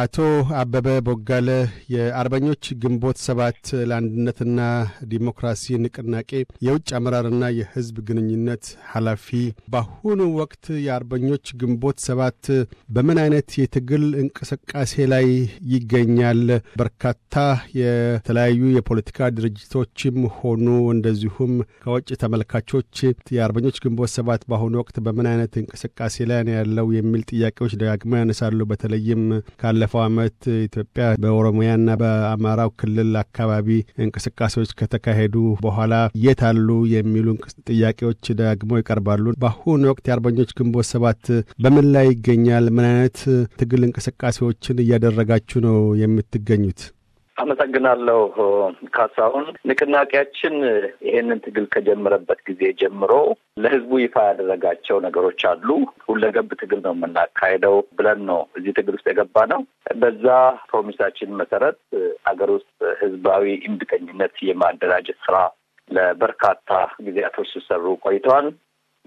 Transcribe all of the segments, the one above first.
አቶ አበበ ቦጋለ የአርበኞች ግንቦት ሰባት ለአንድነትና ዲሞክራሲ ንቅናቄ የውጭ አመራርና የህዝብ ግንኙነት ኃላፊ፣ በአሁኑ ወቅት የአርበኞች ግንቦት ሰባት በምን አይነት የትግል እንቅስቃሴ ላይ ይገኛል? በርካታ የተለያዩ የፖለቲካ ድርጅቶችም ሆኑ እንደዚሁም ከውጭ ተመልካቾች የአርበኞች ግንቦት ሰባት በአሁኑ ወቅት በምን አይነት እንቅስቃሴ ላይ ነው ያለው የሚል ጥያቄዎች ደጋግመው ያነሳሉ። በተለይም ካለ ባለፈው ዓመት ኢትዮጵያ በኦሮሚያና በአማራው ክልል አካባቢ እንቅስቃሴዎች ከተካሄዱ በኋላ የት አሉ የሚሉ ጥያቄዎች ዳግሞ ይቀርባሉ። በአሁኑ ወቅት የአርበኞች ግንቦት ሰባት በምን ላይ ይገኛል? ምን አይነት ትግል እንቅስቃሴዎችን እያደረጋችሁ ነው የምትገኙት? አመሰግናለሁ ካሳሁን። ንቅናቄያችን ይሄንን ትግል ከጀመረበት ጊዜ ጀምሮ ለህዝቡ ይፋ ያደረጋቸው ነገሮች አሉ። ሁለገብ ትግል ነው የምናካሄደው ብለን ነው እዚህ ትግል ውስጥ የገባ ነው። በዛ ፕሮሚሳችን መሰረት ሀገር ውስጥ ህዝባዊ እምቢተኝነት የማደራጀት ስራ ለበርካታ ጊዜያቶች ሲሰሩ ቆይተዋል።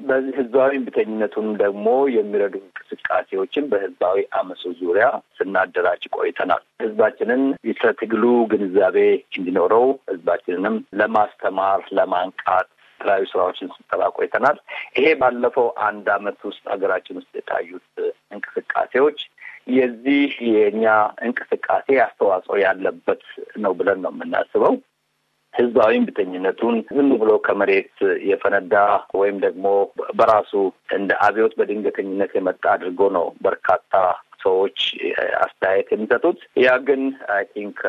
በዚህ ህዝባዊ እምቢተኝነቱን ደግሞ የሚረዱ እንቅስቃሴዎችን በህዝባዊ አመሶ ዙሪያ ስናደራጅ ቆይተናል። ህዝባችንን ስለ ትግሉ ግንዛቤ እንዲኖረው ህዝባችንንም ለማስተማር ለማንቃት የተለያዩ ስራዎችን ስንጠራ ቆይተናል። ይሄ ባለፈው አንድ አመት ውስጥ ሀገራችን ውስጥ የታዩት እንቅስቃሴዎች የዚህ የእኛ እንቅስቃሴ አስተዋጽኦ ያለበት ነው ብለን ነው የምናስበው። ህዝባዊ ብተኝነቱን ዝም ብሎ ከመሬት የፈነዳ ወይም ደግሞ በራሱ እንደ አብዮት በድንገተኝነት የመጣ አድርጎ ነው በርካታ ሰዎች አስተያየት የሚሰጡት። ያ ግን አይ ቲንክ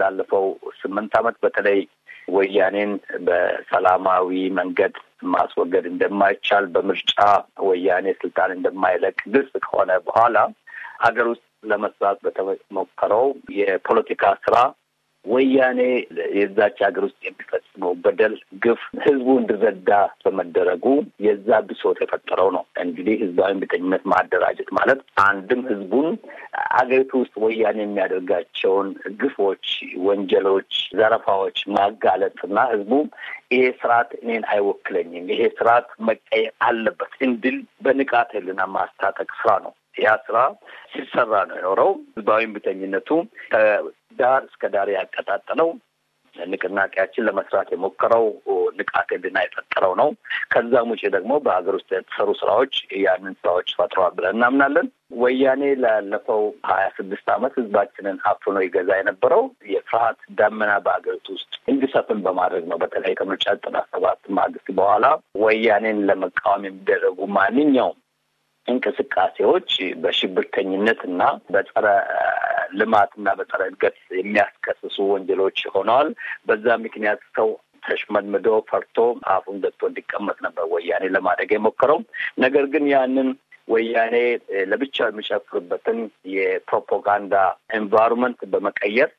ላለፈው ስምንት ዓመት በተለይ ወያኔን በሰላማዊ መንገድ ማስወገድ እንደማይቻል በምርጫ ወያኔ ስልጣን እንደማይለቅ ግልጽ ከሆነ በኋላ ሀገር ውስጥ ለመስራት በተሞከረው የፖለቲካ ስራ ወያኔ የዛች ሀገር ውስጥ የሚፈጽመው በደል፣ ግፍ ህዝቡ እንዲረዳ በመደረጉ የዛ ብሶት የፈጠረው ነው። እንግዲህ ህዝባዊ እምቢተኝነት ማደራጀት ማለት አንድም ህዝቡን አገሪቱ ውስጥ ወያኔ የሚያደርጋቸውን ግፎች፣ ወንጀሎች፣ ዘረፋዎች ማጋለጥ እና ህዝቡ ይሄ ስርዓት እኔን አይወክለኝም፣ ይሄ ስርዓት መቀየር አለበት እንድል በንቃት ህልና ማስታጠቅ ስራ ነው። ያ ስራ ሲሰራ ነው የኖረው። ህዝባዊ እምቢተኝነቱ ከዳር እስከ ዳር ያቀጣጠለው ንቅናቄያችን ለመስራት የሞከረው ንቃተ ህሊና የፈጠረው ነው። ከዛም ውጭ ደግሞ በሀገር ውስጥ የተሰሩ ስራዎች ያንን ስራዎች ፈጥረዋል ብለን እናምናለን። ወያኔ ላለፈው ሀያ ስድስት ዓመት ህዝባችንን አፍኖ ይገዛ የነበረው የፍርሃት ደመና በሀገሪቱ ውስጥ እንዲሰፍን በማድረግ ነው። በተለይ ከምርጫ ዘጠና ሰባት ማግስት በኋላ ወያኔን ለመቃወም የሚደረጉ ማንኛውም እንቅስቃሴዎች በሽብርተኝነት እና በጸረ ልማት እና በጸረ እድገት የሚያስከስሱ ወንጀሎች ሆነዋል። በዛ ምክንያት ሰው ተሽመድምዶ ፈርቶ አፉን ዘግቶ እንዲቀመጥ ነበር ወያኔ ለማድረግ የሞከረው። ነገር ግን ያንን ወያኔ ለብቻው የሚጨፍርበትን የፕሮፓጋንዳ ኤንቫይሮንመንት በመቀየር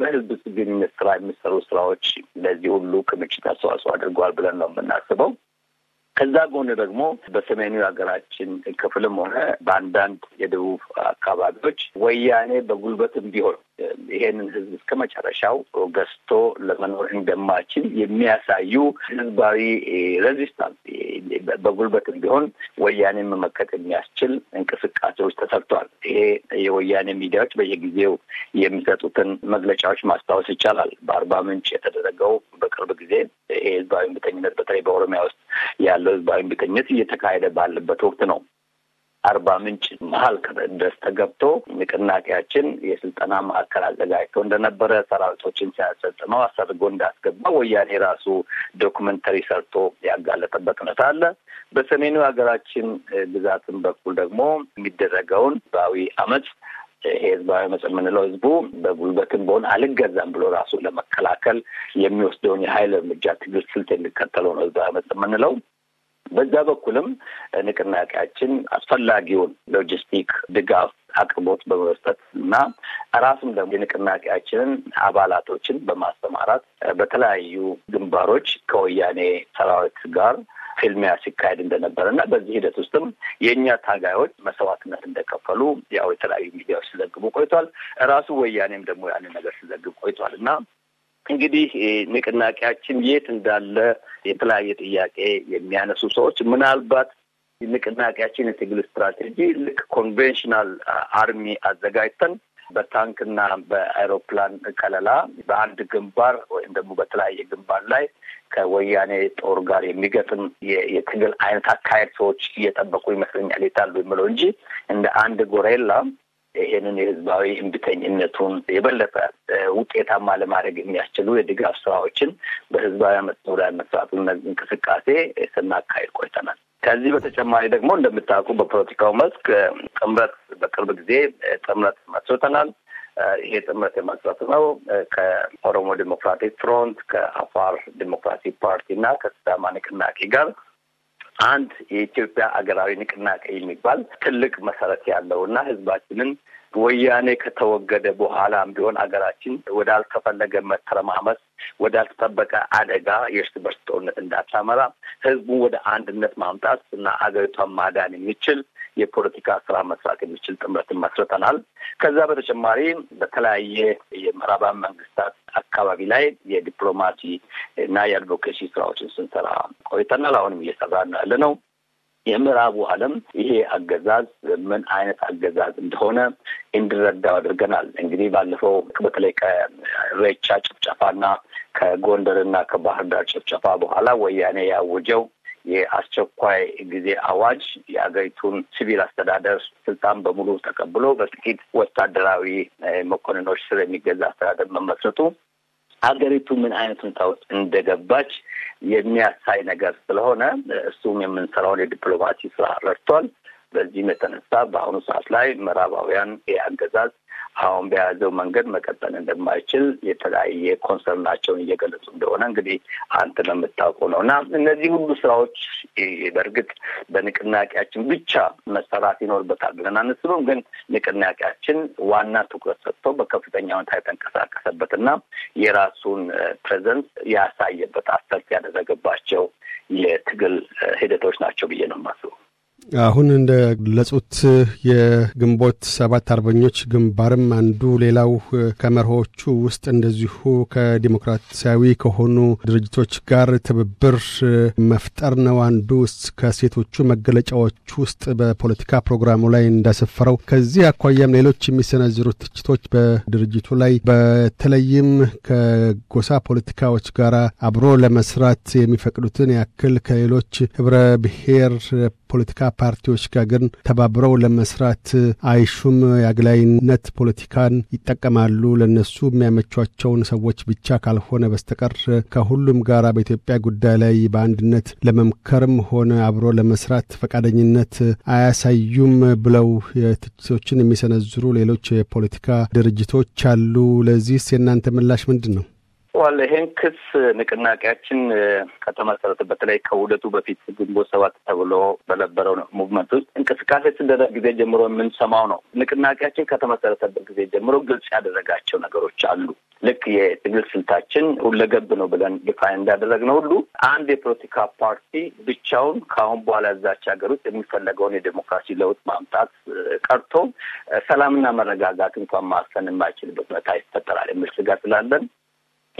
በህዝብ ግንኙነት ስራ የሚሰሩ ስራዎች ለዚህ ሁሉ ክምችት አስተዋጽኦ አድርገዋል ብለን ነው የምናስበው። ከዛ ጎን ደግሞ በሰሜኑ የሀገራችን ክፍልም ሆነ በአንዳንድ የደቡብ አካባቢዎች ወያኔ በጉልበትም ቢሆን ይሄንን ህዝብ እስከ መጨረሻው ገዝቶ ለመኖር እንደማችል የሚያሳዩ ህዝባዊ ሬዚስታንስ በጉልበትም ቢሆን ወያኔ መመከት የሚያስችል እንቅስቃሴዎች ተሰርተዋል። ይሄ የወያኔ ሚዲያዎች በየጊዜው የሚሰጡትን መግለጫዎች ማስታወስ ይቻላል። በአርባ ምንጭ የተደረገው በቅርብ ጊዜ ይሄ ህዝባዊ እምቢተኝነት በተለይ በኦሮሚያ ውስጥ ያለው ህዝባዊ እምቢተኝነት እየተካሄደ ባለበት ወቅት ነው። አርባ ምንጭ መሀል ድረስ ተገብቶ ንቅናቄያችን የስልጠና ማዕከል አዘጋጅቶ እንደነበረ ሰራዊቶችን ሲያሰልጥነው አሰርጎ እንዳስገባ ወያኔ ራሱ ዶክመንተሪ ሰርቶ ያጋለጠበት ሁኔታ አለ። በሰሜኑ ሀገራችን ግዛትን በኩል ደግሞ የሚደረገውን ህዝባዊ አመፅ ህዝባዊ አመፅ የምንለው ህዝቡ በጉልበትን በሆን አልገዛም ብሎ ራሱን ለመከላከል የሚወስደውን የሀይል እርምጃ ትግል ስልት የሚከተለው ነው ህዝባዊ አመፅ የምንለው በዛ በኩልም ንቅናቄያችን አስፈላጊውን ሎጂስቲክ ድጋፍ አቅርቦት በመስጠት እና ራሱም ደግሞ የንቅናቄያችንን አባላቶችን በማስተማራት በተለያዩ ግንባሮች ከወያኔ ሰራዊት ጋር ፊልሚያ ሲካሄድ እንደነበረ እና በዚህ ሂደት ውስጥም የእኛ ታጋዮች መስዋዕትነት እንደከፈሉ ያው የተለያዩ ሚዲያዎች ሲዘግቡ ቆይቷል። ራሱ ወያኔም ደግሞ ያንን ነገር ሲዘግብ ቆይቷል እና እንግዲህ ንቅናቄያችን የት እንዳለ የተለያየ ጥያቄ የሚያነሱ ሰዎች ምናልባት ንቅናቄያችን የትግል ስትራቴጂ ልክ ኮንቬንሽናል አርሚ አዘጋጅተን በታንክና በአይሮፕላን ከለላ በአንድ ግንባር ወይም ደግሞ በተለያየ ግንባር ላይ ከወያኔ ጦር ጋር የሚገጥም የትግል አይነት አካሄድ ሰዎች እየጠበቁ ይመስለኛል የታሉ የምለው እንጂ እንደ አንድ ጎሬላ ይሄንን የህዝባዊ እምቢተኝነቱን የበለጠ ውጤታማ ለማድረግ የሚያስችሉ የድጋፍ ስራዎችን በህዝባዊ አመት ተወዳዳሪ መስራት እንቅስቃሴ ስናካሄድ ቆይተናል። ከዚህ በተጨማሪ ደግሞ እንደምታውቁ በፖለቲካው መስክ ጥምረት በቅርብ ጊዜ ጥምረት መስርተናል። ይሄ ጥምረት የመስረት ነው ከኦሮሞ ዲሞክራቲክ ፍሮንት ከአፋር ዲሞክራሲ ፓርቲ እና ከስዳማ ንቅናቄ ጋር አንድ የኢትዮጵያ አገራዊ ንቅናቄ የሚባል ትልቅ መሰረት ያለው እና ህዝባችንን ወያኔ ከተወገደ በኋላም ቢሆን አገራችን ወዳልተፈለገ መተረማመስ፣ ወዳልተጠበቀ አደጋ የእርስ በርስ ጦርነት እንዳታመራ ህዝቡን ወደ አንድነት ማምጣት እና አገሪቷን ማዳን የሚችል የፖለቲካ ስራ መስራት የሚችል ጥምረትን መስርተናል። ከዛ በተጨማሪ በተለያየ የምዕራባን መንግስታት አካባቢ ላይ የዲፕሎማሲ እና የአድቮኬሲ ስራዎችን ስንሰራ ቆይተናል። አሁንም እየሰራ ያለ ነው። የምዕራቡ ዓለም ይሄ አገዛዝ ምን አይነት አገዛዝ እንደሆነ እንዲረዳው አድርገናል። እንግዲህ ባለፈው በተለይ ከሬቻ ጭፍጨፋና ከጎንደርና ከባህር ዳር ጭፍጨፋ በኋላ ወያኔ ያወጀው የአስቸኳይ ጊዜ አዋጅ የአገሪቱን ሲቪል አስተዳደር ስልጣን በሙሉ ተቀብሎ በጥቂት ወታደራዊ መኮንኖች ስር የሚገዛ አስተዳደር መመስረቱ አገሪቱ ምን አይነት ሁኔታ ውስጥ እንደገባች የሚያሳይ ነገር ስለሆነ እሱም የምንሰራውን የዲፕሎማሲ ስራ ረድቷል። በዚህም የተነሳ በአሁኑ ሰዓት ላይ ምዕራባውያን የአገዛዝ አሁን በያዘው መንገድ መቀጠል እንደማይችል የተለያየ ኮንሰርናቸውን እየገለጹ እንደሆነ እንግዲህ አንተ የምታውቁ ነው እና እነዚህ ሁሉ ስራዎች በእርግጥ በንቅናቄያችን ብቻ መሰራት ይኖርበታል ብለን አንስብም። ግን ንቅናቄያችን ዋና ትኩረት ሰጥቶ በከፍተኛ ሁኔታ የተንቀሳቀሰበት እና የራሱን ፕሬዘንስ ያሳየበት አሰርት ያደረገባቸው የትግል ሂደቶች ናቸው ብዬ ነው የማስበው። አሁን እንደ ገለጹት የግንቦት ሰባት አርበኞች ግንባርም አንዱ ሌላው ከመርሆቹ ውስጥ እንደዚሁ ከዲሞክራሲያዊ ከሆኑ ድርጅቶች ጋር ትብብር መፍጠር ነው። አንዱ ከሴቶቹ መገለጫዎች ውስጥ በፖለቲካ ፕሮግራሙ ላይ እንዳሰፈረው፣ ከዚህ አኳያም ሌሎች የሚሰነዝሩት ትችቶች በድርጅቱ ላይ በተለይም ከጎሳ ፖለቲካዎች ጋር አብሮ ለመስራት የሚፈቅዱትን ያክል ከሌሎች ህብረ ብሔር ፖለቲካ ፓርቲዎች ጋር ግን ተባብረው ለመስራት አይሹም። የአግላይነት ፖለቲካን ይጠቀማሉ። ለነሱ የሚያመቿቸውን ሰዎች ብቻ ካልሆነ በስተቀር ከሁሉም ጋር በኢትዮጵያ ጉዳይ ላይ በአንድነት ለመምከርም ሆነ አብሮ ለመስራት ፈቃደኝነት አያሳዩም ብለው ትችቶችን የሚሰነዝሩ ሌሎች የፖለቲካ ድርጅቶች አሉ። ለዚህስ የእናንተ ምላሽ ምንድን ነው? ገልጸዋል። ይሄን ክስ ንቅናቄያችን ከተመሰረተ በተለይ ከውደቱ በፊት ግንቦት ሰባት ተብሎ በነበረው ሙቭመንት ውስጥ እንቅስቃሴ ስደረግ ጊዜ ጀምሮ የምንሰማው ነው። ንቅናቄያችን ከተመሰረተበት ጊዜ ጀምሮ ግልጽ ያደረጋቸው ነገሮች አሉ። ልክ የትግል ስልታችን ሁለገብ ነው ብለን ዲፋይን እንዳደረግነው ሁሉ አንድ የፖለቲካ ፓርቲ ብቻውን ከአሁን በኋላ እዛች ሀገር ውስጥ የሚፈለገውን የዴሞክራሲ ለውጥ ማምጣት ቀርቶ ሰላምና መረጋጋት እንኳን ማሰን የማይችልበት ሁኔታ ይፈጠራል የሚል ስጋት ስላለን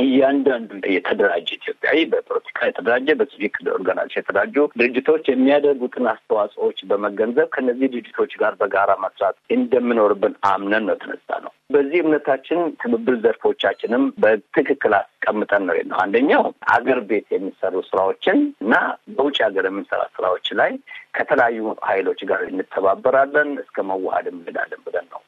እያንዳንዱ የተደራጀ ኢትዮጵያዊ በፖለቲካ የተደራጀ በሲቪክ ኦርጋናይዜሽን የተደራጁ ድርጅቶች የሚያደርጉትን አስተዋጽኦዎች በመገንዘብ ከነዚህ ድርጅቶች ጋር በጋራ መስራት እንደምኖርብን አምነን ነው የተነሳ ነው። በዚህ እምነታችን ትብብር ዘርፎቻችንም በትክክል አስቀምጠን ነው ነው አንደኛው አገር ቤት የሚሰሩ ስራዎችን እና በውጭ ሀገር የምንሰራ ስራዎች ላይ ከተለያዩ ኃይሎች ጋር እንተባበራለን እስከ መዋሀድ እንሄዳለን ብለን ነው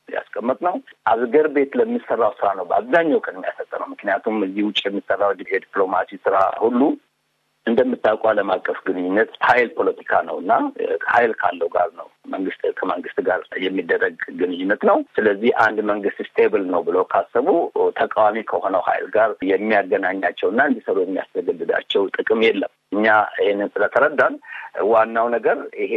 ነው አገር ቤት ለሚሰራው ስራ ነው በአብዛኛው ያሰጠ ነው ምክንያቱም እዚህ ውጭ የሚሰራው የዲፕሎማሲ ስራ ሁሉ እንደምታውቁ አለም አቀፍ ግንኙነት ሀይል ፖለቲካ ነው እና ሀይል ካለው ጋር ነው መንግስት ከመንግስት ጋር የሚደረግ ግንኙነት ነው። ስለዚህ አንድ መንግስት ስቴብል ነው ብለው ካሰቡ ተቃዋሚ ከሆነው ኃይል ጋር የሚያገናኛቸውና እንዲሰሩ የሚያስገድዳቸው ጥቅም የለም። እኛ ይህንን ስለተረዳን ዋናው ነገር ይሄ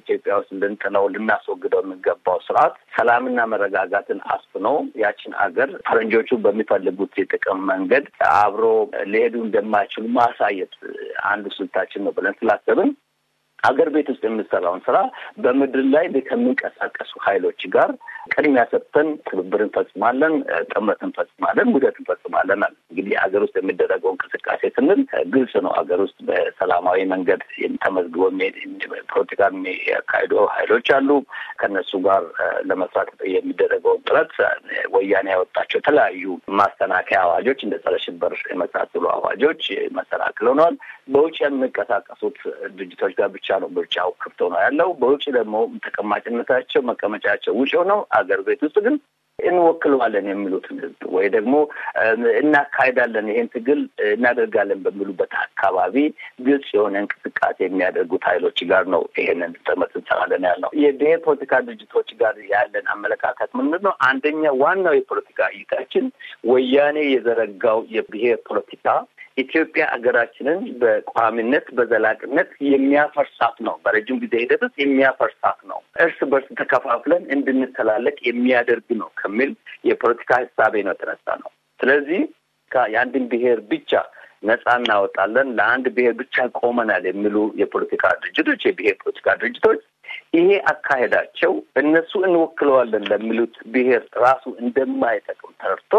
ኢትዮጵያ ውስጥ ልንጥለው ልናስወግደው የሚገባው ስርዓት ሰላምና መረጋጋትን አስፍኖ ያችን አገር ፈረንጆቹ በሚፈልጉት የጥቅም መንገድ አብሮ ሊሄዱ እንደማይችሉ ማሳየት አንዱ ስልታችን ነው ብለን ስላሰብን አገር ቤት ውስጥ የምሰራውን ስራ በምድር ላይ ከምንቀሳቀሱ ኃይሎች ጋር ቅድሚያ ሰጥተን ትብብር እንፈጽማለን፣ ጥምረት እንፈጽማለን፣ ውህደት እንፈጽማለን እንግዲህ ሀገር ውስጥ የሚደረገው እንቅስቃሴ ስንል ግልጽ ነው። ሀገር ውስጥ በሰላማዊ መንገድ ተመዝግቦ ፖለቲካ የሚያካሂዱ ሀይሎች አሉ። ከነሱ ጋር ለመስራት የሚደረገው ጥረት ወያኔ ያወጣቸው የተለያዩ ማስተናከያ አዋጆች እንደ ጸረ ሽበር የመሳሰሉ አዋጆች መሰናክል ሆነዋል። በውጭ የሚንቀሳቀሱት ድርጅቶች ጋር ብቻ ነው ምርጫው ክፍት ነው ያለው። በውጭ ደግሞ ተቀማጭነታቸው መቀመጫቸው ውጭ ሆነው ሀገር ቤት ውስጥ ግን እንወክለዋለን የሚሉትን ህዝብ ወይ ደግሞ እናካሄዳለን ይሄን ትግል እናደርጋለን በሚሉበት አካባቢ ግልጽ የሆነ እንቅስቃሴ የሚያደርጉት ኃይሎች ጋር ነው ይሄንን ጥምረት እንሰራለን ያልነው። የብሔር ፖለቲካ ድርጅቶች ጋር ያለን አመለካከት ምንድን ነው? አንደኛ ዋናው የፖለቲካ እይታችን ወያኔ የዘረጋው የብሔር ፖለቲካ ኢትዮጵያ ሀገራችንን በቋሚነት በዘላቂነት የሚያፈርሳት ነው። በረጅም ጊዜ ሂደትስ ውስጥ የሚያፈርሳት ነው። እርስ በርስ ተከፋፍለን እንድንተላለቅ የሚያደርግ ነው ከሚል የፖለቲካ ሀሳቤ ነው የተነሳ ነው። ስለዚህ የአንድን ብሔር ብቻ ነጻ እናወጣለን፣ ለአንድ ብሔር ብቻ ቆመናል የሚሉ የፖለቲካ ድርጅቶች የብሔር ፖለቲካ ድርጅቶች ይሄ አካሄዳቸው እነሱ እንወክለዋለን ለሚሉት ብሔር ራሱ እንደማይጠቅም ተረድቶ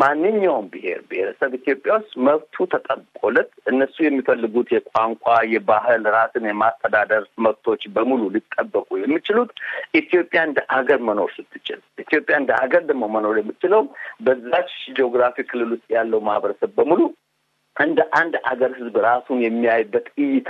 ማንኛውም ብሔር ብሔረሰብ ኢትዮጵያ ውስጥ መብቱ ተጠብቆለት እነሱ የሚፈልጉት የቋንቋ፣ የባህል፣ ራስን የማስተዳደር መብቶች በሙሉ ሊጠበቁ የሚችሉት ኢትዮጵያ እንደ ሀገር መኖር ስትችል፣ ኢትዮጵያ እንደ ሀገር ደግሞ መኖር የምችለው በዛች ጂኦግራፊ ክልል ውስጥ ያለው ማህበረሰብ በሙሉ እንደ አንድ ሀገር ህዝብ ራሱን የሚያይበት እይታ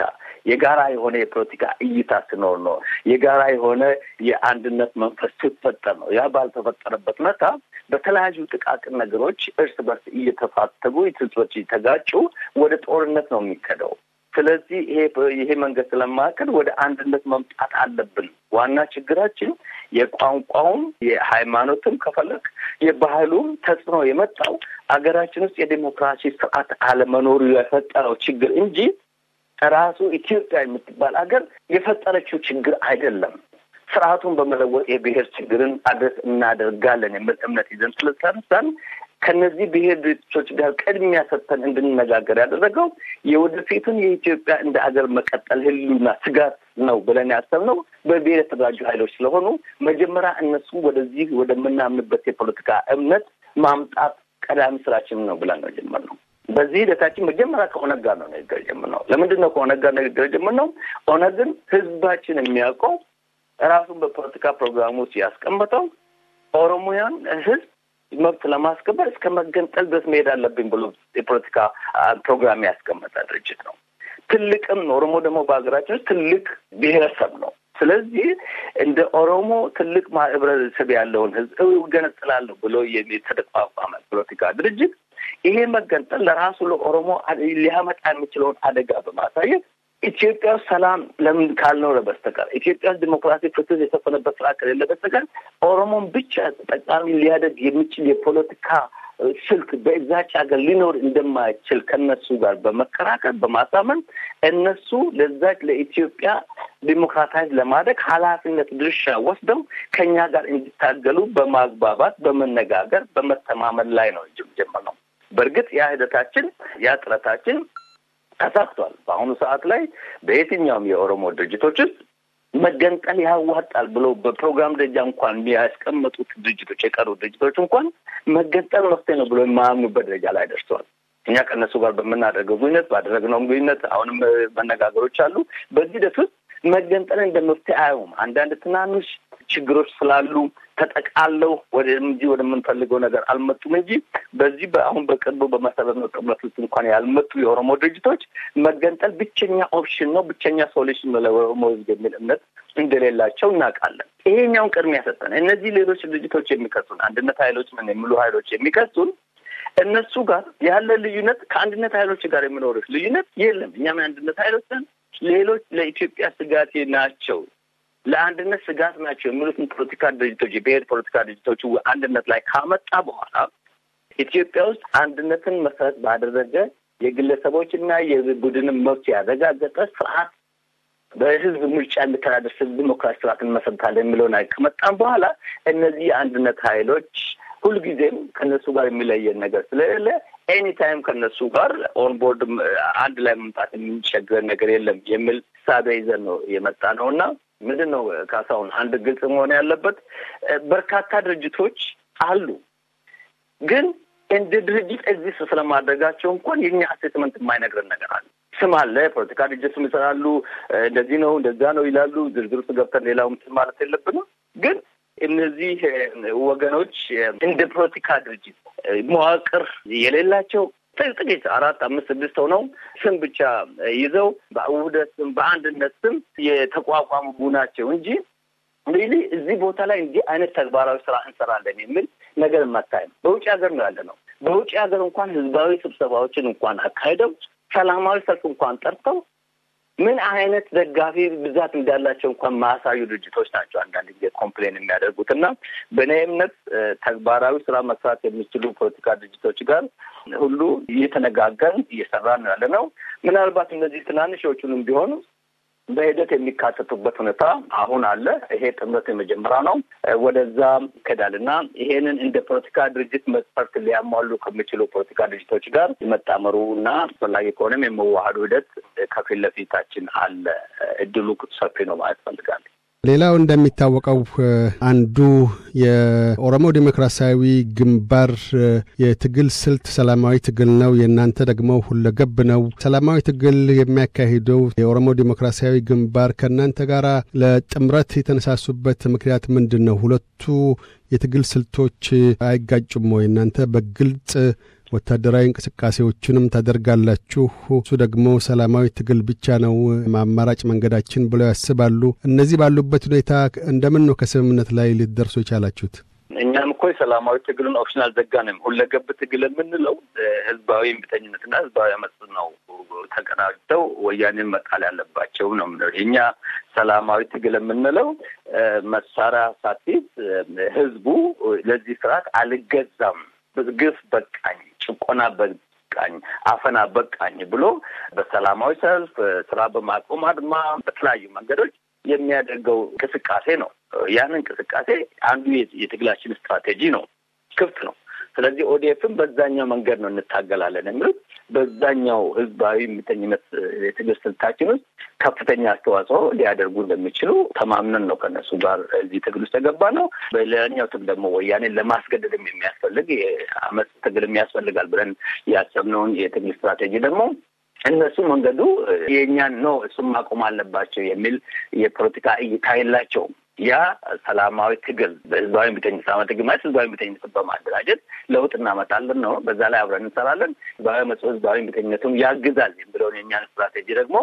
የጋራ የሆነ የፖለቲካ እይታ ስኖር ነው። የጋራ የሆነ የአንድነት መንፈስ ሲፈጠር ነው። ያ ባልተፈጠረበት ሁኔታ በተለያዩ ጥቃቅን ነገሮች እርስ በርስ እየተፋተጉ ትንሶች እየተጋጩ ወደ ጦርነት ነው የሚከደው። ስለዚህ ይሄ ይሄ መንገድ ስለማያቅድ ወደ አንድነት መምጣት አለብን። ዋና ችግራችን የቋንቋውም የሃይማኖትም ከፈለግ የባህሉም ተጽዕኖ የመጣው አገራችን ውስጥ የዴሞክራሲ ስርዓት አለመኖሩ የፈጠረው ችግር እንጂ ራሱ ኢትዮጵያ የምትባል ሀገር የፈጠረችው ችግር አይደለም። ስርዓቱን በመለወጥ የብሔር ችግርን አድረስ እናደርጋለን የሚል እምነት ይዘን ስለተነሳን ከነዚህ ብሔር ድርጅቶች ጋር ቅድሚያ ሰጥተን እንድንነጋገር ያደረገው የወደፊቱን የኢትዮጵያ እንደ አገር መቀጠል ህልውና ስጋት ነው ብለን ያሰብነው በብሔር የተደራጁ ኃይሎች ስለሆኑ መጀመሪያ እነሱ ወደዚህ ወደምናምንበት የፖለቲካ እምነት ማምጣት ቀዳሚ ስራችን ነው ብለን ነው የጀመርነው። በዚህ ሂደታችን መጀመሪያ ከኦነጋ ነው ንግግር የጀመርነው። ለምንድን ነው ከኦነጋ ጋር ንግግር የጀመርነው? ኦነግን ህዝባችን የሚያውቀው ራሱን በፖለቲካ ፕሮግራሙ ውስጥ ያስቀመጠው ኦሮሞያን ህዝብ መብት ለማስከበር እስከ መገንጠል ድረስ መሄድ አለብኝ ብሎ የፖለቲካ ፕሮግራም ያስቀመጠ ድርጅት ነው። ትልቅም ነው። ኦሮሞ ደግሞ በሀገራችን ውስጥ ትልቅ ብሔረሰብ ነው። ስለዚህ እንደ ኦሮሞ ትልቅ ማህበረሰብ ያለውን ህዝብ እገነጥላለሁ ብሎ የተቋቋመ ፖለቲካ ድርጅት ይሄ መገንጠል ለራሱ ለኦሮሞ ሊያመጣ የሚችለውን አደጋ በማሳየት ኢትዮጵያ ውስጥ ሰላም ለምን ካልነው ለበስተቀር ኢትዮጵያ ውስጥ ዲሞክራሲ ፍትህ የሰፈነበት ስራ ከሌለ በስተቀር ኦሮሞን ብቻ ተጠቃሚ ሊያደግ የሚችል የፖለቲካ ስልክ በዛች ሀገር ሊኖር እንደማይችል ከነሱ ጋር በመከራከር በማሳመን እነሱ ለዛች ለኢትዮጵያ ዲሞክራታይዝ ለማድረግ ኃላፊነት ድርሻ ወስደው ከኛ ጋር እንዲታገሉ በማግባባት በመነጋገር በመተማመን ላይ ነው እንጂ ነው። በእርግጥ ያ ሂደታችን ያ ጥረታችን ተሳክቷል። በአሁኑ ሰዓት ላይ በየትኛውም የኦሮሞ ድርጅቶች ውስጥ መገንጠል ያዋጣል ብሎ በፕሮግራም ደጃ እንኳን ያስቀመጡት ድርጅቶች የቀሩ ድርጅቶች እንኳን መገንጠል መፍትሄ ነው ብሎ የማያምኑበት ደረጃ ላይ ደርሰዋል። እኛ ከእነሱ ጋር በምናደርገው ግንኙነት ባደረግነውም ግንኙነት አሁንም መነጋገሮች አሉ። በዚህ ሂደት ውስጥ መገንጠል እንደ መፍትሄ አየውም። አንዳንድ ትናንሽ ችግሮች ስላሉ ተጠቃለው ወደ እንጂ ወደምንፈልገው ነገር አልመጡም እንጂ በዚህ በአሁን በቅርቡ በመሰረት መቀመጥ ውስጥ እንኳን ያልመጡ የኦሮሞ ድርጅቶች መገንጠል ብቸኛ ኦፕሽን ነው፣ ብቸኛ ሶሉሽን ነው ለኦሮሞ ህዝብ የሚል እምነት እንደሌላቸው እናውቃለን። ይሄኛውን ቅድሚያ ሰጠን። እነዚህ ሌሎች ድርጅቶች የሚከሱን አንድነት ኃይሎች ምን የሚሉ ኃይሎች የሚከሱን እነሱ ጋር ያለ ልዩነት ከአንድነት ኃይሎች ጋር የሚኖሩት ልዩነት የለም። እኛም የአንድነት ኃይሎች ነን፣ ሌሎች ለኢትዮጵያ ስጋት ናቸው፣ ለአንድነት ስጋት ናቸው የሚሉትን ፖለቲካ ድርጅቶች የብሔር ፖለቲካ ድርጅቶች አንድነት ላይ ካመጣ በኋላ ኢትዮጵያ ውስጥ አንድነትን መሰረት ባደረገ የግለሰቦችና የቡድንን መብት ያረጋገጠ ስርዓት በህዝብ ምርጫ የሚተዳደር ዲሞክራሲ ስርዓት እንመሰርታለን የሚለውን ከመጣም በኋላ እነዚህ የአንድነት ኃይሎች ሁልጊዜም ከነሱ ጋር የሚለየን ነገር ስለሌለ ኤኒ ታይም ከነሱ ጋር ኦንቦርድ አንድ ላይ መምጣት የሚቸግረን ነገር የለም የሚል ሳቢያ ይዘን ነው የመጣ ነው እና ምንድን ነው ካሳሁን፣ አንድ ግልጽ መሆን ያለበት በርካታ ድርጅቶች አሉ፣ ግን እንደ ድርጅት ኤግዚስት ስለማድረጋቸው እንኳን የኛ አሴትመንት የማይነግረን ነገር አለ። ስም አለ፣ የፖለቲካ ድርጅትም ይሰራሉ፣ እንደዚህ ነው እንደዛ ነው ይላሉ። ዝርዝር ውስጥ ገብተን ሌላውም ማለት የለብንም ግን እነዚህ ወገኖች እንደ ፖለቲካ ድርጅት መዋቅር የሌላቸው ጥቂት አራት አምስት ስድስት ሆነው ስም ብቻ ይዘው በውህደት ስም በአንድነት ስም የተቋቋሙ ናቸው እንጂ ሪሊ እዚህ ቦታ ላይ እንዲህ አይነት ተግባራዊ ስራ እንሰራለን የሚል ነገር የማታይም። በውጭ ሀገር ነው ያለ ነው። በውጭ ሀገር እንኳን ህዝባዊ ስብሰባዎችን እንኳን አካሂደው ሰላማዊ ሰልፍ እንኳን ጠርተው ምን አይነት ደጋፊ ብዛት እንዳላቸው እንኳን ማያሳዩ ድርጅቶች ናቸው አንዳንድ ጊዜ ኮምፕሌን የሚያደርጉት እና በእኔ እምነት ተግባራዊ ስራ መስራት የሚችሉ ፖለቲካ ድርጅቶች ጋር ሁሉ እየተነጋገርን እየሰራን ያለ ነው። ምናልባት እነዚህ ትናንሾቹንም ቢሆኑ በሂደት የሚካተቱበት ሁኔታ አሁን አለ። ይሄ ጥምረት የመጀመሪያ ነው። ወደዛ ይከዳል እና ይሄንን እንደ ፖለቲካ ድርጅት መስፈርት ሊያሟሉ ከሚችሉ ፖለቲካ ድርጅቶች ጋር የመጣመሩ እና አስፈላጊ ከሆነም የመዋሃዱ ሂደት ከፊት ለፊታችን አለ። እድሉ ሰፊ ነው ማለት ፈልጋለሁ። ሌላው እንደሚታወቀው አንዱ የኦሮሞ ዴሞክራሲያዊ ግንባር የትግል ስልት ሰላማዊ ትግል ነው። የእናንተ ደግሞ ሁለገብ ነው። ሰላማዊ ትግል የሚያካሂደው የኦሮሞ ዴሞክራሲያዊ ግንባር ከእናንተ ጋር ለጥምረት የተነሳሱበት ምክንያት ምንድን ነው? ሁለቱ የትግል ስልቶች አይጋጩም ወይ? እናንተ በግልጽ ወታደራዊ እንቅስቃሴዎችንም ታደርጋላችሁ። እሱ ደግሞ ሰላማዊ ትግል ብቻ ነው አማራጭ መንገዳችን ብለው ያስባሉ። እነዚህ ባሉበት ሁኔታ እንደምን ነው ከስምምነት ላይ ልትደርሱ የቻላችሁት? እኛም እኮ የሰላማዊ ትግሉን ኦፕሽን አልዘጋንም። ሁለገብ ትግል የምንለው ህዝባዊ እምቢተኝነትና ህዝባዊ አመፅ ነው። ተቀናጅተው ወያኔን መጣል ያለባቸው ነው የምንለው። የእኛ ሰላማዊ ትግል የምንለው መሳሪያ ሳትይዝ ህዝቡ ለዚህ ስርዓት አልገዛም፣ ግፍ በቃኝ ጭቆና በቃኝ፣ አፈና በቃኝ ብሎ በሰላማዊ ሰልፍ፣ ስራ በማቆም አድማ፣ በተለያዩ መንገዶች የሚያደርገው እንቅስቃሴ ነው። ያን እንቅስቃሴ አንዱ የትግላችን ስትራቴጂ ነው። ክፍት ነው። ስለዚህ ኦዲኤፍም በዛኛው መንገድ ነው እንታገላለን የሚሉት በዛኛው ህዝባዊ እምቢተኝነት የትግል ስልታችን ውስጥ ከፍተኛ አስተዋጽኦ ሊያደርጉ እንደሚችሉ ተማምነን ነው ከነሱ ጋር እዚህ ትግል ውስጥ የገባ ነው። በሌላኛው ትግል ደግሞ ወያኔን ለማስገደድም የሚያስፈልግ የአመት ትግልም ያስፈልጋል ብለን ያሰብነውን የትግል ስትራቴጂ ደግሞ እነሱ መንገዱ የእኛን ነው እሱም ማቆም አለባቸው የሚል የፖለቲካ እይታ የላቸውም። ያ ሰላማዊ ትግል በህዝባዊ እምቢተኝነት ዓመት ግማሽ ህዝባዊ እምቢተኝነትን በማደራጀት ለውጥ እናመጣለን ነው። በዛ ላይ አብረን እንሰራለን። ህዝባዊ መጽ ህዝባዊ እምቢተኝነቱም ያግዛል የሚለውን የእኛን ስትራቴጂ ደግሞ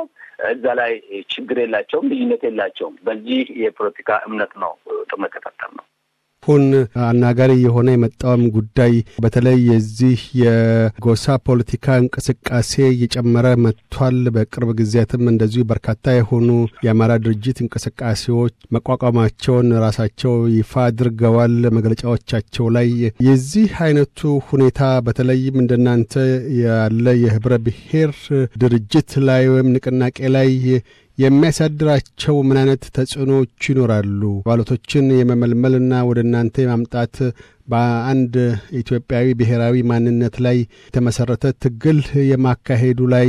እዛ ላይ ችግር የላቸውም፣ ልዩነት የላቸውም። በዚህ የፖለቲካ እምነት ነው ጥምረት ነው። አሁን አናጋሪ የሆነ የመጣውም ጉዳይ በተለይ የዚህ የጎሳ ፖለቲካ እንቅስቃሴ እየጨመረ መጥቷል። በቅርብ ጊዜያትም እንደዚሁ በርካታ የሆኑ የአማራ ድርጅት እንቅስቃሴዎች መቋቋማቸውን ራሳቸው ይፋ አድርገዋል መግለጫዎቻቸው ላይ። የዚህ አይነቱ ሁኔታ በተለይም እንደናንተ ያለ የህብረ ብሔር ድርጅት ላይ ወይም ንቅናቄ ላይ የሚያሳድራቸው ምን አይነት ተጽዕኖዎች ይኖራሉ? ባለቶችን የመመልመልና ወደ እናንተ የማምጣት በአንድ ኢትዮጵያዊ ብሔራዊ ማንነት ላይ የተመሠረተ ትግል የማካሄዱ ላይ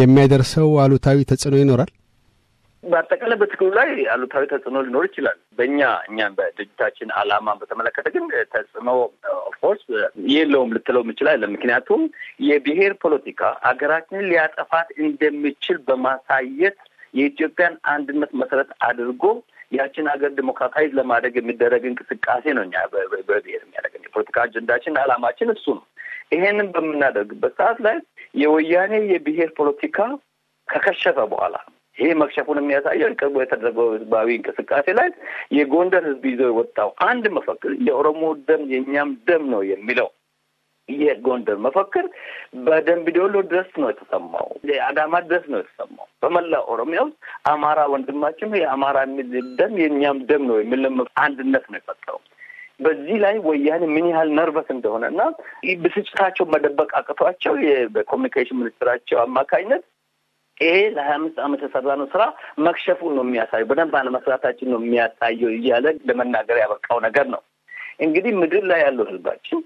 የሚያደርሰው አሉታዊ ተጽዕኖ ይኖራል? በአጠቃላይ በትግሉ ላይ አሉታዊ ተጽዕኖ ሊኖር ይችላል። በእኛ እኛም በድርጅታችን አላማ በተመለከተ ግን ተጽዕኖ ኦፍኮርስ የለውም ልትለው የምችል ምክንያቱም የብሔር ፖለቲካ ሀገራችንን ሊያጠፋት እንደሚችል በማሳየት የኢትዮጵያን አንድነት መሰረት አድርጎ ያችን ሀገር ዲሞክራታይዝ ለማድረግ የሚደረግ እንቅስቃሴ ነው። እኛ በብሔር የሚያደረገን የፖለቲካ አጀንዳችን አላማችን እሱ ነው። ይሄንን በምናደርግበት ሰዓት ላይ የወያኔ የብሔር ፖለቲካ ከከሸፈ በኋላ ይሄ መክሸፉን የሚያሳየው ቅርቡ የተደረገው ህዝባዊ እንቅስቃሴ ላይ የጎንደር ህዝብ ይዞ የወጣው አንድ መፈክር የኦሮሞ ደም የእኛም ደም ነው የሚለው የጎንደር መፈክር በደንብ ዶሎ ድረስ ነው የተሰማው፣ የአዳማ ድረስ ነው የተሰማው። በመላ ኦሮሚያ ውስጥ አማራ ወንድማችን የአማራ የሚል ደም የእኛም ደም ነው የሚል አንድነት ነው የፈጠረው። በዚህ ላይ ወያኔ ምን ያህል ነርቨስ እንደሆነ እና ብስጭታቸው መደበቅ አቅቷቸው በኮሚኒኬሽን ሚኒስትራቸው አማካኝነት ይሄ ለሀያ አምስት ዓመት የሰራ ነው ስራ መክሸፉን ነው የሚያሳየው፣ በደንብ አለመስራታችን ነው የሚያሳየው እያለ ለመናገር ያበቃው ነገር ነው። እንግዲህ ምድር ላይ ያለው ህዝባችን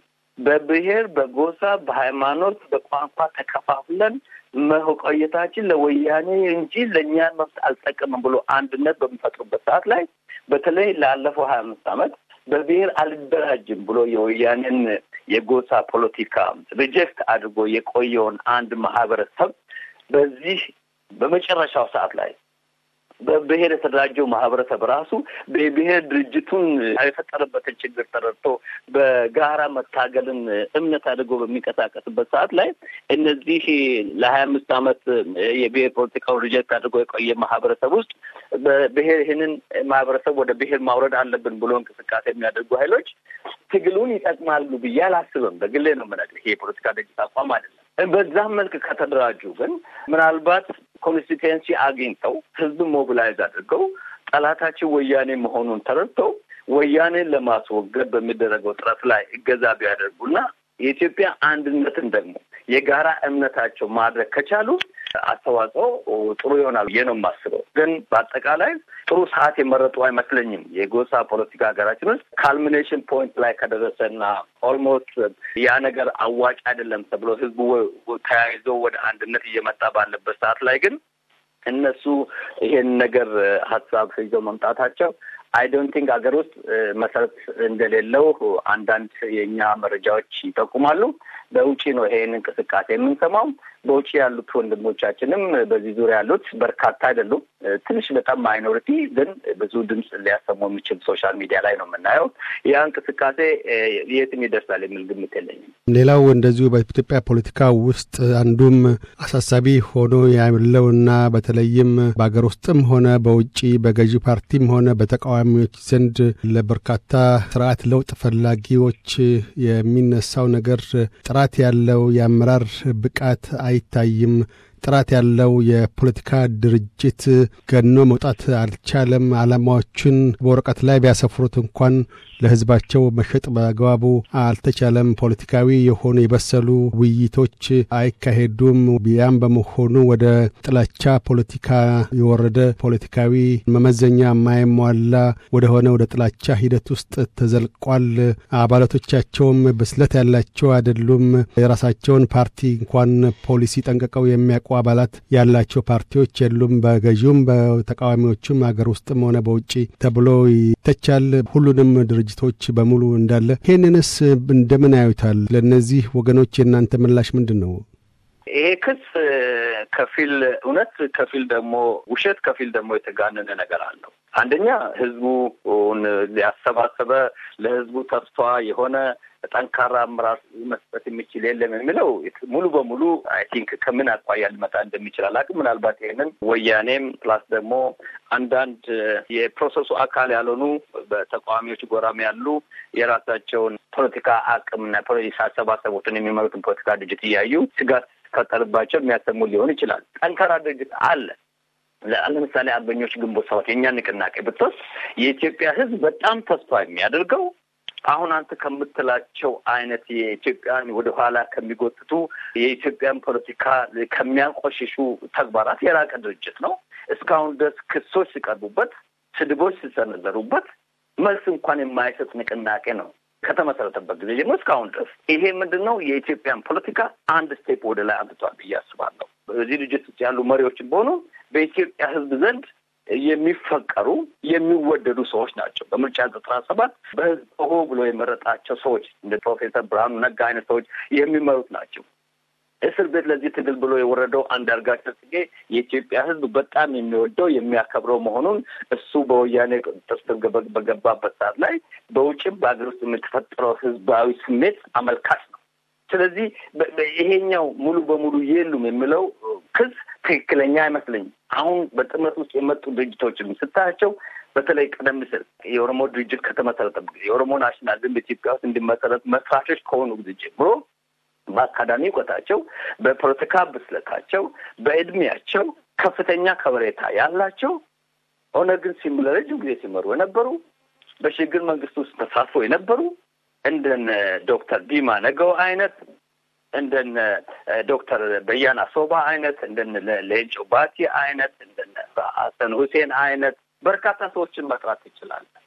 በብሔር፣ በጎሳ፣ በሃይማኖት፣ በቋንቋ ተከፋፍለን መቆየታችን ለወያኔ እንጂ ለእኛ መብት አልጠቀምም ብሎ አንድነት በሚፈጥሩበት ሰዓት ላይ በተለይ ላለፈው ሀያ አምስት ዓመት በብሔር አልደራጅም ብሎ የወያኔን የጎሳ ፖለቲካ ሪጀክት አድርጎ የቆየውን አንድ ማህበረሰብ በዚህ በመጨረሻው ሰዓት ላይ በብሔር የተደራጀው ማህበረሰብ ራሱ ብሔር ድርጅቱን የፈጠረበትን ችግር ተረድቶ በጋራ መታገልን እምነት አድርጎ በሚንቀሳቀስበት ሰዓት ላይ እነዚህ ለሀያ አምስት ዓመት የብሔር ፖለቲካውን ሪጀክት አድርጎ የቆየ ማህበረሰብ ውስጥ በብሔር ይህንን ማህበረሰብ ወደ ብሔር ማውረድ አለብን ብሎ እንቅስቃሴ የሚያደርጉ ኃይሎች ትግሉን ይጠቅማሉ ብዬ አላስብም። በግሌ ነው የምነግርህ። ይሄ የፖለቲካ ድርጅት አቋም አይደለም። በዛም መልክ ከተደራጁ ግን ምናልባት ኮንስቲቴንሲ አግኝተው ህዝብ ሞቢላይዝ አድርገው ጠላታቸው ወያኔ መሆኑን ተረድተው ወያኔን ለማስወገድ በሚደረገው ጥረት ላይ እገዛ ቢያደርጉና የኢትዮጵያ አንድነትን ደግሞ የጋራ እምነታቸው ማድረግ ከቻሉ አስተዋጽኦ ጥሩ ይሆናል ብዬ ነው የማስበው። ግን በአጠቃላይ ጥሩ ሰዓት የመረጡ አይመስለኝም። የጎሳ ፖለቲካ ሀገራችን ውስጥ ካልሚኔሽን ፖይንት ላይ ከደረሰና ኦልሞስት ያ ነገር አዋጭ አይደለም ተብሎ ህዝቡ ተያይዞ ወደ አንድነት እየመጣ ባለበት ሰዓት ላይ ግን እነሱ ይሄን ነገር ሀሳብ ይዘው መምጣታቸው አይ ዶንት ቲንክ ሀገር ውስጥ መሰረት እንደሌለው አንዳንድ የእኛ መረጃዎች ይጠቁማሉ። በውጭ ነው ይሄን እንቅስቃሴ የምንሰማው። በውጭ ያሉት ወንድሞቻችንም በዚህ ዙሪያ ያሉት በርካታ አይደሉም። ትንሽ በጣም ማይኖሪቲ ግን ብዙ ድምፅ ሊያሰሙ የሚችል ሶሻል ሚዲያ ላይ ነው የምናየው። ያ እንቅስቃሴ የትም ይደርሳል የሚል ግምት የለኝም። ሌላው እንደዚሁ በኢትዮጵያ ፖለቲካ ውስጥ አንዱም አሳሳቢ ሆኖ ያለው እና በተለይም በሀገር ውስጥም ሆነ በውጭ በገዢ ፓርቲም ሆነ በተቃዋሚዎች ዘንድ ለበርካታ ስርዓት ለውጥ ፈላጊዎች የሚነሳው ነገር ጥራት ያለው የአመራር ብቃት አይታይም። ጥራት ያለው የፖለቲካ ድርጅት ገኖ መውጣት አልቻለም። ዓላማዎችን በወረቀት ላይ ቢያሰፍሩት እንኳን ለህዝባቸው መሸጥ በአግባቡ አልተቻለም። ፖለቲካዊ የሆኑ የበሰሉ ውይይቶች አይካሄዱም። ያም በመሆኑ ወደ ጥላቻ ፖለቲካ የወረደ ፖለቲካዊ መመዘኛ የማይሟላ ወደሆነ ወደ ጥላቻ ሂደት ውስጥ ተዘልቋል። አባላቶቻቸውም ብስለት ያላቸው አይደሉም። የራሳቸውን ፓርቲ እንኳን ፖሊሲ ጠንቅቀው የሚያውቁ አባላት ያላቸው ፓርቲዎች የሉም። በገዢውም በተቃዋሚዎቹም ሀገር ውስጥም ሆነ በውጭ ተብሎ ይተቻል። ሁሉንም ድርጅት ድርጅቶች በሙሉ እንዳለ። ይህንንስ እንደምን ያዩታል? ለእነዚህ ወገኖች የእናንተ ምላሽ ምንድን ነው? ይሄ ክስ ከፊል እውነት፣ ከፊል ደግሞ ውሸት፣ ከፊል ደግሞ የተጋነነ ነገር አለው። አንደኛ ህዝቡን ያሰባሰበ ለህዝቡ ተስፋ የሆነ ጠንካራ አመራር መስጠት የሚችል የለም የሚለው ሙሉ በሙሉ አይ ቲንክ ከምን አኳያ ሊመጣ እንደሚችል አላውቅም። ምናልባት ይህንን ወያኔም ፕላስ ደግሞ አንዳንድ የፕሮሰሱ አካል ያልሆኑ በተቃዋሚዎች ጎራም ያሉ የራሳቸውን ፖለቲካ አቅምና አሰባሰቦትን የሚመሩትን ፖለቲካ ድርጅት እያዩ ስጋት ከጠልባቸው የሚያሰሙ ሊሆን ይችላል። ጠንካራ ድርጅት አለ። ለምሳሌ አርበኞች ግንቦት ሰባት የእኛ ንቅናቄ ብትወስድ የኢትዮጵያ ሕዝብ በጣም ተስፋ የሚያደርገው አሁን አንተ ከምትላቸው አይነት የኢትዮጵያን ወደኋላ ከሚጎትቱ የኢትዮጵያን ፖለቲካ ከሚያቆሽሹ ተግባራት የራቀ ድርጅት ነው። እስካሁን ድረስ ክሶች ሲቀርቡበት፣ ስድቦች ሲሰነዘሩበት መልስ እንኳን የማይሰጥ ንቅናቄ ነው ከተመሰረተበት ጊዜ ጀምሮ እስካሁን ድረስ። ይሄ ምንድን ነው? የኢትዮጵያን ፖለቲካ አንድ ስቴፕ ወደ ላይ አምጥቷል ብዬ አስባለሁ። በዚህ ድርጅት ውስጥ ያሉ መሪዎችን በሆኑ በኢትዮጵያ ሕዝብ ዘንድ የሚፈቀሩ የሚወደዱ ሰዎች ናቸው። በምርጫ ዘጠና ሰባት በህዝብ ሆ ብሎ የመረጣቸው ሰዎች እንደ ፕሮፌሰር ብርሃኑ ነጋ አይነት ሰዎች የሚመሩት ናቸው። እስር ቤት ለዚህ ትግል ብሎ የወረደው አንዳርጋቸው ጽጌ የኢትዮጵያ ህዝብ በጣም የሚወደው የሚያከብረው መሆኑን እሱ በወያኔ ቁጥጥር ስር በገባበት ሰዓት ላይ በውጭም በሀገር ውስጥ የተፈጠረው ህዝባዊ ስሜት አመልካች ነው። ስለዚህ ይሄኛው ሙሉ በሙሉ የሉም የሚለው ክስ ትክክለኛ አይመስለኝም። አሁን በጥምረት ውስጥ የመጡ ድርጅቶችን ስታያቸው በተለይ ቀደም ሲል የኦሮሞ ድርጅት ከተመሰረተ ጊዜ የኦሮሞ ናሽናል በኢትዮጵያ ውስጥ እንዲመሰረት መስራቾች ከሆኑ ጊዜ ጀምሮ በአካዳሚ እውቀታቸው፣ በፖለቲካ ብስለታቸው፣ በእድሜያቸው ከፍተኛ ከበሬታ ያላቸው ኦነግን ግን ሲም ለረጅም ጊዜ ሲመሩ የነበሩ በሽግግር መንግስት ውስጥ ተሳትፎ የነበሩ እንደነ ዶክተር ዲማ ነገው አይነት እንደነ ዶክተር በያና ሶባ አይነት እንደነ ሌንጮ ባቲ አይነት እንደነ ሀሰን ሁሴን አይነት በርካታ ሰዎችን መጥራት ትችላለን።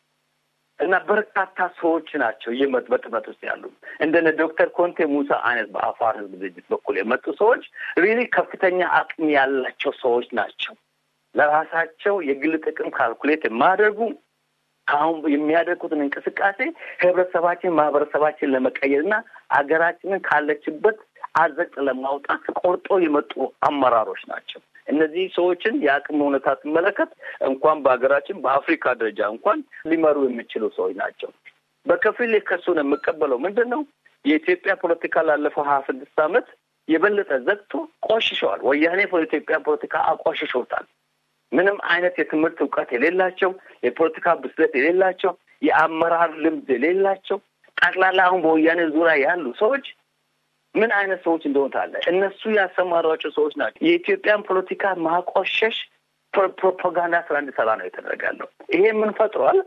እና በርካታ ሰዎች ናቸው ይህ በጥበት ውስጥ ያሉ እንደነ ዶክተር ኮንቴ ሙሳ አይነት በአፋር ህዝብ ድርጅት በኩል የመጡ ሰዎች ሪሊ ከፍተኛ አቅም ያላቸው ሰዎች ናቸው። ለራሳቸው የግል ጥቅም ካልኩሌት የማያደርጉ አሁን የሚያደርጉትን እንቅስቃሴ ህብረተሰባችን ማህበረሰባችን ለመቀየር እና አገራችንን ካለችበት አዘቅጥ ለማውጣት ቆርጦ የመጡ አመራሮች ናቸው። እነዚህ ሰዎችን የአቅም እውነታ ስመለከት እንኳን በሀገራችን በአፍሪካ ደረጃ እንኳን ሊመሩ የሚችሉ ሰዎች ናቸው። በከፊል ከሱን የምቀበለው ምንድን ነው የኢትዮጵያ ፖለቲካ ላለፈው ሀያ ስድስት አመት የበለጠ ዘግቶ ቆሽሸዋል። ወያኔ ኢትዮጵያ ፖለቲካ አቆሽሾታል። ምንም አይነት የትምህርት እውቀት የሌላቸው፣ የፖለቲካ ብስለት የሌላቸው፣ የአመራር ልምድ የሌላቸው ጠቅላላ አሁን በወያኔ ዙሪያ ያሉ ሰዎች ምን አይነት ሰዎች እንደሆነ ታለ እነሱ ያሰማሯቸው ሰዎች ናቸው። የኢትዮጵያን ፖለቲካ ማቆሸሽ ፕሮፓጋንዳ ስራ እንዲሰራ ነው የተደረጋለው። ይሄ ምን ፈጥሯል?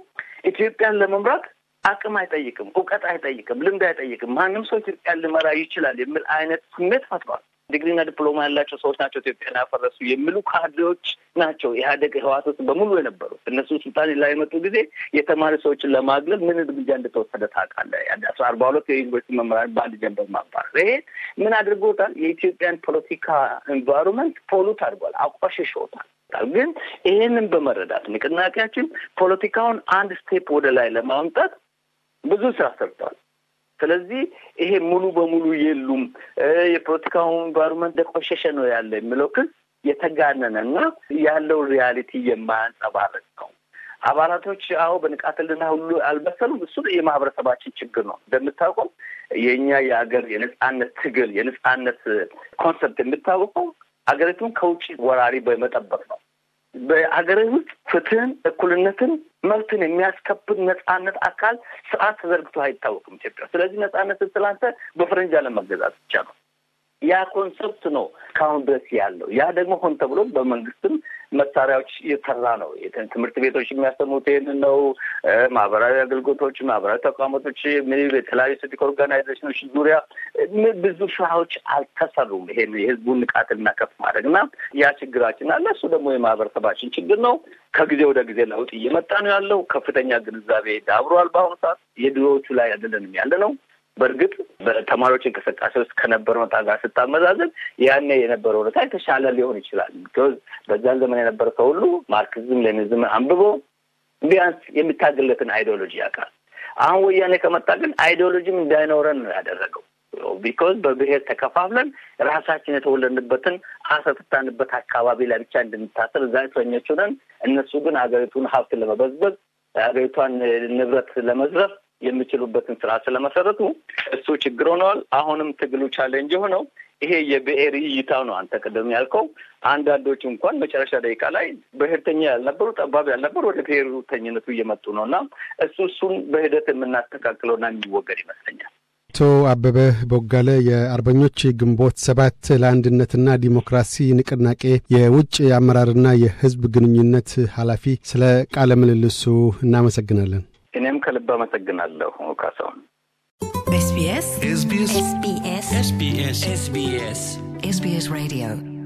ኢትዮጵያን ለመምራት አቅም አይጠይቅም፣ እውቀት አይጠይቅም፣ ልምድ አይጠይቅም። ማንም ሰው ኢትዮጵያን ልመራ ይችላል የሚል አይነት ስሜት ፈጥሯል። ዲግሪና ዲፕሎማ ያላቸው ሰዎች ናቸው ኢትዮጵያን ያፈረሱ የሚሉ ካድሬዎች ናቸው ኢህአዴግ ህዋት ውስጥ በሙሉ የነበሩ። እነሱ ስልጣን ላይ የመጡ ጊዜ የተማሪ ሰዎችን ለማግለል ምን እርምጃ እንደተወሰደ ታውቃለህ? አስራ አርባ ሁለት የዩኒቨርሲቲ መምህራን በአንድ ጀንበር ማባረር፣ ይሄ ምን አድርጎታል? የኢትዮጵያን ፖለቲካ ኤንቫይሮንመንት ፖሉት አድርጓል፣ አቋሽሾታል። ግን ይሄንን በመረዳት ንቅናቄያችን ፖለቲካውን አንድ ስቴፕ ወደ ላይ ለማምጣት ብዙ ስራ ሰርቷል። ስለዚህ ይሄ ሙሉ በሙሉ የሉም የፖለቲካው ኢንቫይሮንመንት ደቆሸሸ ነው ያለ የሚለው ክስ የተጋነነ እና ያለው ሪያሊቲ የማያንጸባረቅ ነው። አባላቶች አሁ በንቃተ ህሊና ሁሉ አልበሰሉም። እሱ የማህበረሰባችን ችግር ነው። እንደምታውቀው የእኛ የሀገር የነጻነት ትግል የነጻነት ኮንሰፕት የሚታወቀው ሀገሪቱን ከውጭ ወራሪ በመጠበቅ ነው። በአገርህ ውስጥ ፍትህን፣ እኩልነትን፣ መብትን የሚያስከብር ነጻነት አካል ስርዓት ተዘርግቶ አይታወቅም ኢትዮጵያ። ስለዚህ ነጻነት ስላንተ በፈረንጅ አለመገዛት ብቻ ነው። ያ ኮንሰፕት ነው ከአሁን ድረስ ያለው። ያ ደግሞ ሆን ተብሎ በመንግስትም መሳሪያዎች የተራ ነው። ትምህርት ቤቶች የሚያስተምሩት ይህንን ነው። ማህበራዊ አገልግሎቶች፣ ማህበራዊ ተቋማቶች፣ የተለያዩ ሲቪክ ኦርጋናይዜሽኖች ዙሪያ ብዙ ስራዎች አልተሰሩም። ይሄን የህዝቡን ንቃት ልናከፍ ማድረግ እና ያ ችግራችን አለ። እሱ ደግሞ የማህበረሰባችን ችግር ነው። ከጊዜ ወደ ጊዜ ለውጥ እየመጣ ነው ያለው። ከፍተኛ ግንዛቤ ዳብሯል። በአሁኑ ሰዓት የድሮዎቹ ላይ አይደለንም ያለ ነው። በእርግጥ በተማሪዎች እንቅስቃሴ ውስጥ ከነበረው ሁኔታ ጋር ስታመዛዘን ያኔ የነበረው ሁኔታ የተሻለ ሊሆን ይችላል። ቢኮዝ በዛን ዘመን የነበረ ሰው ሁሉ ማርክዝም ሌኒዝም አንብቦ ቢያንስ የሚታግለትን አይዲዮሎጂ ያውቃል። አሁን ወያኔ ከመጣ ግን አይዲዮሎጂም እንዳይኖረን ነው ያደረገው። ቢኮዝ በብሔር ተከፋፍለን ራሳችን የተወለድንበትን አሰፍታንበት አካባቢ ላይ ብቻ እንድንታሰር እዛ እስረኞች ሆነን እነሱ ግን ሀገሪቱን ሀብት ለመበዝበዝ ሀገሪቷን ንብረት ለመዝረፍ የሚችሉበትን ስራ ስለመሰረቱ እሱ ችግር ሆነዋል። አሁንም ትግሉ ቻሌንጅ የሆነው ይሄ የብሔር እይታ ነው። አንተ ቅድም ያልከው አንዳንዶቹ እንኳን መጨረሻ ደቂቃ ላይ ብሔርተኛ ያልነበሩ ጠባብ ያልነበሩ ወደ ብሔርተኝነቱ እየመጡ ነው እና እሱ እሱን በሂደት የምናስተካክለውና የሚወገድ ይመስለኛል። አቶ አበበ ቦጋለ የአርበኞች ግንቦት ሰባት ለአንድነትና ዲሞክራሲ ንቅናቄ የውጭ አመራርና የሕዝብ ግንኙነት ኃላፊ፣ ስለ ቃለ ምልልሱ እናመሰግናለን። እኔም ከልብ አመሰግናለሁ ካሳሁን። SBS SBS SBS SBS SBS SBS Radio